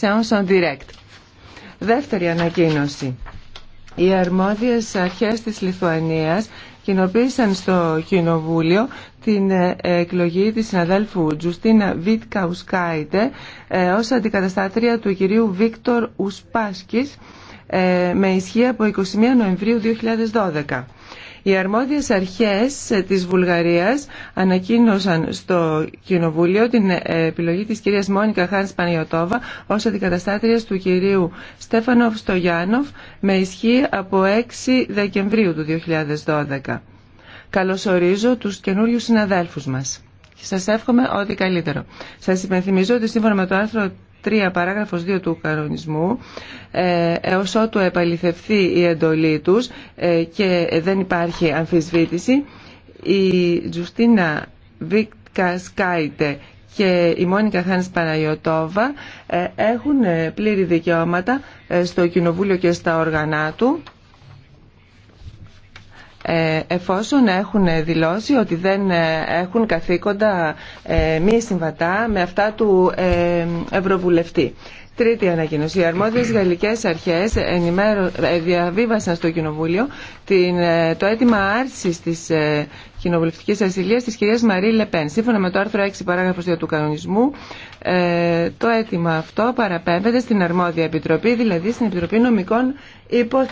Seance on Direct. Δεύτερη ανακοίνωση. Οι αρμόδιες αρχές της Λιθουανίας κοινοποίησαν στο Κοινοβούλιο την ε, εκλογή της συναδέλφου Τζουστίνα Βιτκαουσκάιτε ω ε, ως αντικαταστάτρια του κυρίου Βίκτορ Ουσπάσκης ε, με ισχύ από 21 Νοεμβρίου 2012. Οι αρμόδιες αρχές της Βουλγαρίας ανακοίνωσαν στο Κοινοβούλιο την επιλογή της κυρίας Μόνικα Χάνς Πανιωτόβα ως αντικαταστάτριας του κυρίου Στέφανοφ Στογιάνοφ με ισχύ από 6 Δεκεμβρίου του 2012. Καλωσορίζω τους καινούριου συναδέλφους μας. Σας εύχομαι ό,τι καλύτερο. Σας υπενθυμίζω ότι σύμφωνα με το άρθρο 3 παράγραφος 2 του κανονισμού ε, έως ότου επαληθευθεί η εντολή τους ε, και δεν υπάρχει αμφισβήτηση η Τζουστίνα Βίκτκα Σκάιτε και η Μόνικα Χάνης Παναγιωτόβα ε, έχουν πλήρη δικαιώματα στο Κοινοβούλιο και στα όργανα του ε, εφόσον έχουν δηλώσει ότι δεν ε, έχουν καθήκοντα ε, μη συμβατά με αυτά του Ευρωβουλευτή. Τρίτη ανακοίνωση. Οι αρμόδιε γαλλικέ αρχέ διαβίβασαν στο Κοινοβούλιο το αίτημα άρση τη κοινοβουλευτική ασυλία τη κυρία Μαρή Λεπέν. Σύμφωνα με το άρθρο 6 παράγραφο 2 του κανονισμού, το αίτημα αυτό παραπέμπεται στην αρμόδια επιτροπή, δηλαδή στην Επιτροπή Νομικών Υποθέσεων.